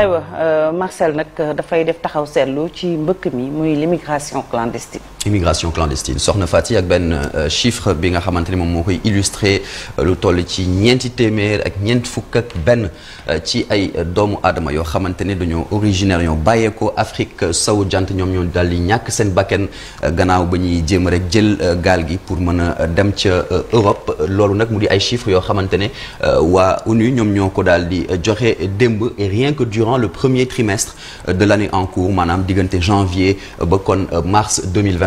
aywa euh, Marcel nag euh, dafay def taxaw seetlu ci mbëkk mi muy l'immigration clandestine immigration clandestine soxna Fati ak benn euh, chiffre bi nga xamante moom moo koy illustré euh, lu toll ci ñeenti téeméer ak ñeent fukk ak benn euh, ci ay doomu aadama yoo xamante ne dañoo originaire yoo bàyyeekoo Afrique sowu jant ñoom ñoo daal di ñàkk seen bakken gannaaw ba ñuy jéem rek jël gaal gi pour mën a dem ca Europe loolu nag mu di ay chiffres yoo xamante ne waa ONU ñoom ñoo ko daal di joxe démb et rien que durant le premier trimestre de l'année en cours maanaam diggante janvier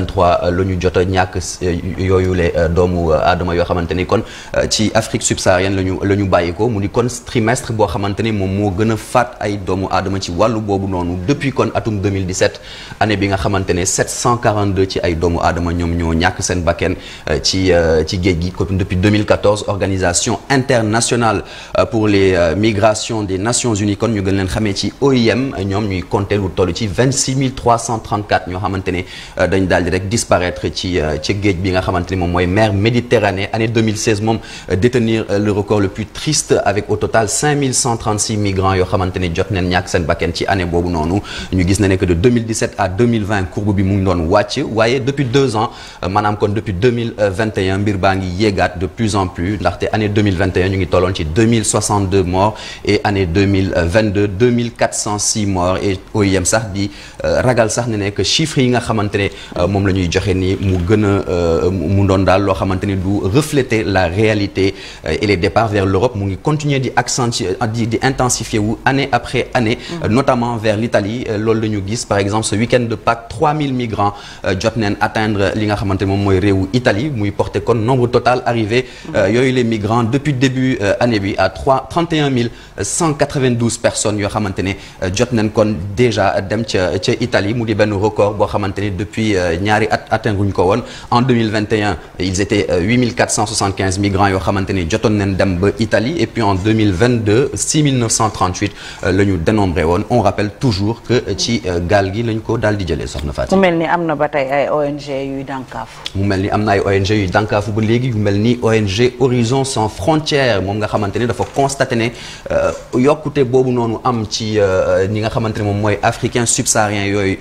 2023 euh, la ñu jot a ñàkk euh, yooyu le euh, doomu aadama yoo xamante ni kon ci Afrique subsaharienne la lañu la ñu bàyyi ko mu ni kon trimestre boo xamante ni moom moo gën a faat ay doomu aadama ci wàllu boobu noonu depuis kon atum 2017 année bi nga xamante ne 742 ci ay doomu aadama ñoom ñoo ñàkk seen bakken ci ci géej gi kon depuis 2014 organisation internationale pour les migrations des Nations Unies kon ñu gën leen xamee ci OIM ñoom ñuy compter lu toll ci 26 334 ñoo xamante ne dañ daal rek rek disparaître ci euh, ci géej bi nga xamante moom mooy mer Méditerranée année moom euh, détenir euh, le record le plus triste avec au total migrants yoo xamante jot nañ ñàkk seen bakkan ci année boobu noonu ñu gis ne que de à 2020 bi mu ngi doon wàcc waaye depuis deux ans maanaam kon depuis mbir baa ngi yéegaat de plus en plus ndaxte année ñu ngi tolloon ci 2062 et année 2022 2406 morts et sax di ragal sax ne ne que yi nga xamante moom la ñuy joxe ni mu gën euh, mu doon daal loo xamante ni du refléter la réalité euh, et les départs vers l'Europe mu ngi continuer di accentuer di di intensifier wu année après année mm. euh, notamment vers l'Italie loolu la ñu par exemple ce week de Pâques 3000 migrants jot neen atteindre li nga xamante moom mooy réewu Italie muy porter kon nombre total arrivé mm. yooyu les migrants depuis début année bi à personnes yoo xamante ne jot nañ kon déjà dem ca ca Italie mu di benn record boo xamante ne depuis ñaari at atteindre ko woon en 2021 ils étaient 8475 euh, migrants yoo xamante ni jotoon nañ mu mel ni am na ay ONG yuy dànkaafu. ba léegi yu mel ni ONG Horizon sans frontières moom nga xamante dafa constaté ne euh, yokkute boobu noonu am ci euh, ñi nga xamante moom mooy africain subsaharien yooyu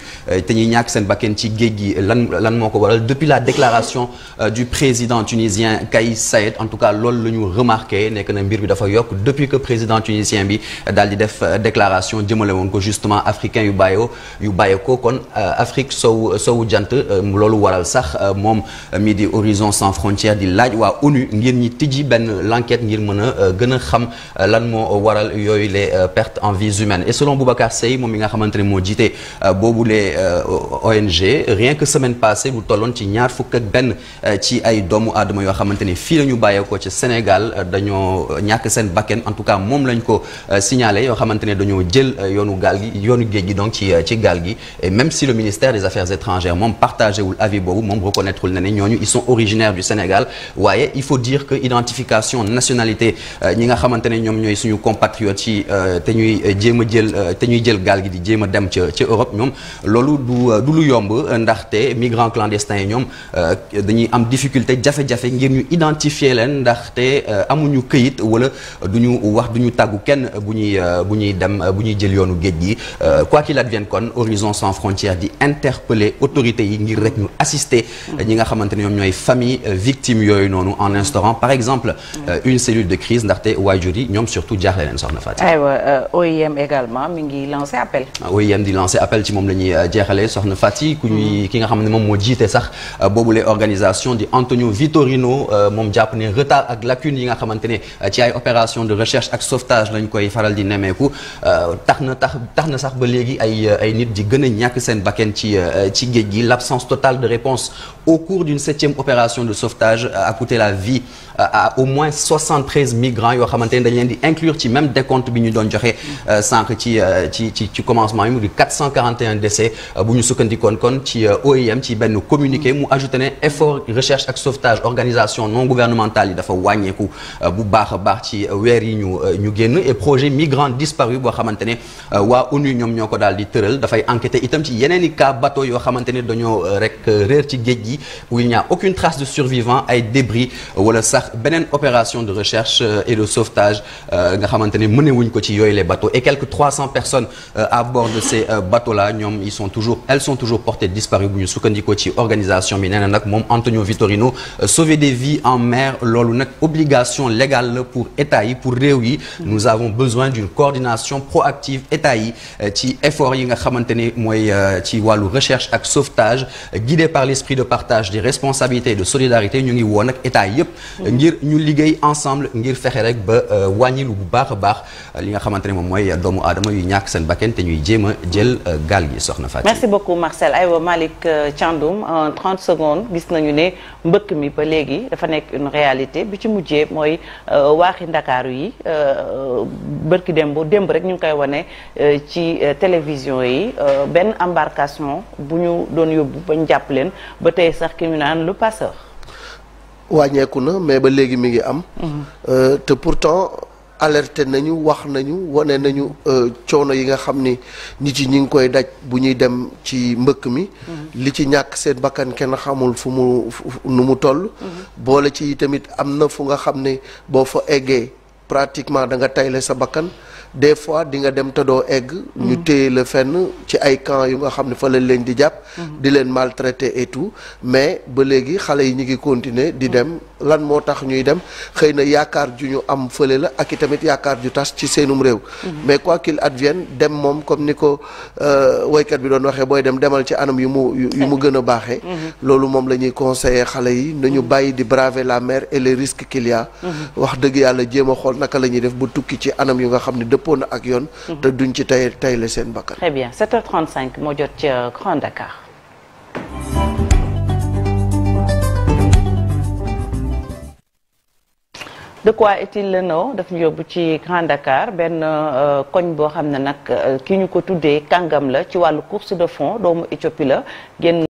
te ñuy ñàkk seen bakkan ci géej gi lan. lan lan moo ko waral depuis la déclaration euh, du président tunisien Kais Saied en tout cas loolu la ñu remarqué nekk na mbir bi dafa yokk depuis que président tunisien bi euh, daal di def euh, déclaration jëmale woon ko justement africain yu bàyyoo yu bàyyee ko kon Afrique sow sowu jant loolu waral sax moom mii di Horizon sans frontières di laaj waa ONU ngir ñi tijji benn l'enquête ngir mën a gën a xam lan moo waral yooyu le perte en vies humaines et selon Boubacar Seye moom mi nga xamante ne moo jiite boobu les ONG semaine passée bu tolloon ci ñaar fukk ak benn euh, ci ay doomu aadama yoo xamante ni fii la ñu bàyyeekoo ci Sénégal euh, dañoo ñàkk seen bakken en tout cas moom lañ ko euh, signalé yoo xamante ne dañoo jël yoonu gaal gi yoonu géej gi donc ci ci gaal gi et même si le ministère des affaires étrangères moom partagé wul avis boobu moom reconnaître wul na ne ñooñu ils sont originaires du Sénégal waaye il faut dire que identification nationalité ñi nga xamante ne ñoom ñooy suñu compatriotes yi te ñuy jéem a jël te ñuy jël gaal gi di jéem a dem ca ca Europe ñoom migrants clandestins yi ñoom euh, dañuy am difficulté jafe-jafe ngir ñu identifier leen ndaxte euh, amuñu këyit wala du ñu wax du ñu tàggu kenn bu ñuy euh, bu ñuy dem bu ñuy jël yoonu géej gi quoi qu'il advienne kon Horizon Sans Frontières di interpeller autorités yi ngir rek ñu assister ñi nga xamante ne ñoom ñooy famille victime yooyu noonu en instaurant par exemple une cellule de crise ndaxte waajur yi ñoom surtout jaaxle leen soxna Fatou. aywa OIM également mi ngi lancer appel. Ah, OIM di lancer moom la ne moom moo jiite sax euh, boobule organisation di Antonio Vitorino euh, moom jàpp ne retard ak lacune yi nga xamante euh, ci ay opération de recherche ak sauvetage lañ koy faral di nemmeeku tax na tax tax na sax ba léegi ay ay nit di gën a ñàkk seen bakken ci ci géej gi l'absence totale de réponse au cours d'une septième opération de sauvetage a coûté la vie à au moins migrants yoo xamante ne dañ leen di inclure ci même décompte bi ñu doon joxe sànq ci ci ci ci commencement yi mu di 441 décès bu itam ci benn communiqué mu ajouté ne effort recherche ak sauvetage organisation non gouvernementale yi dafa wàññeeku euh, bu baax baax ci euh, weer yi ñu euh, ñu génn e projet migrant disparu boo xamante ne waa ONU ñoom ñoo ko daal di tëral dafay enquêter itam ci yeneen i cas bato yoo xamante ne dañoo rek réer ci géej gi où il n'y a aucune trace de survivant ay débris wala sax beneen opération de recherche et de sauvetage nga xamante ne mënewuñ ko ci yooyu les bateaux et quelques 300 personnes à bord de ces bateaux là ñoom ils sont toujours sukkandikoo ci organisation bi nee nag moom Antonio Vitorino euh, sauver des vies en mer loolu nag obligation légale la pour état yi pour réew yi nous avons besoin d'une coordination proactive état yi euh, ci effort yi nga xamante ne mooy euh, ci wàllu recherche ak sauvetage guidé par l'esprit de partage des responsabilités et de solidarité ñu ngi woon nag état yëpp ngir ñu liggéey ensemble ngir fexe rek ba wàññilu bu baax a baax li nga xamante ne moom mooy doomu aadama yu ñàkk seen bakken te ñuy jéem a jël gaal yi soxna Fatou Thiandoum en 30 secondes gis nañu ne mbëkk mi ba léegi dafa nekk une réalité bi ci mujjee mooy euh, waaxi ndakaaru yi euh, bërki démb démb rek ñu ngi koy wane euh, ci télévision yi benn embarcation bu ñu doon yóbbu bañ jàpp leen ba tey sax ki ñu naan le passeur. wàññeeku na mais ba léegi mi ngi am. Mm-hmm. te pourtant. alerté nañu wax nañu wane nañu euh, coono yi nga xam ni nit yi ñi ngi koy daj bu ñuy dem ci mbëkk mi. Mhm. li ci ñàkk seen bakkan kenn xamul fu mu nu mu toll. Mhm. boole ci tamit am na fu nga xam ne boo fa eggee pratiquement da nga tayle sa bakkan. des fois di nga dem te doo egg. ñu mm-hmm. téye la fenn ci ay camp yu nga xam ne fa lañ leen di jàpp. Mm-hmm. di leen maltraité et tout mais ba léegi xale yi ñu ngi continuer di mm-hmm. dem lan moo tax ñuy dem xëy na yaakaar ju ñu am fële la ak i tamit yaakaar ju tas ci seenum réew. mais quoi qu'il advienne dem moom comme ni ko euh, woykat bi doon waxee booy dem demal ci anam yu mu yu mu gën a baaxee. loolu moom la ñuy conseiller xale yi nañu bàyyi di braver la mer et les risques qu'il y wax dëgg yàlla jéem a xool naka la ñuy def bu tukki ci anam yu po na ak yoon. Mhm. te duñ ci tay tay seen bakkan. très bien 7h35 moo jot ci Grand Dakar. de quoi est-il le nom daf ñu yóbbu ci Grand Dakar benn euh, koñ boo xam ne nag euh, ki ñu ko tuddee kàngam la ci wàllu course de fond doomu Éthiopie la génn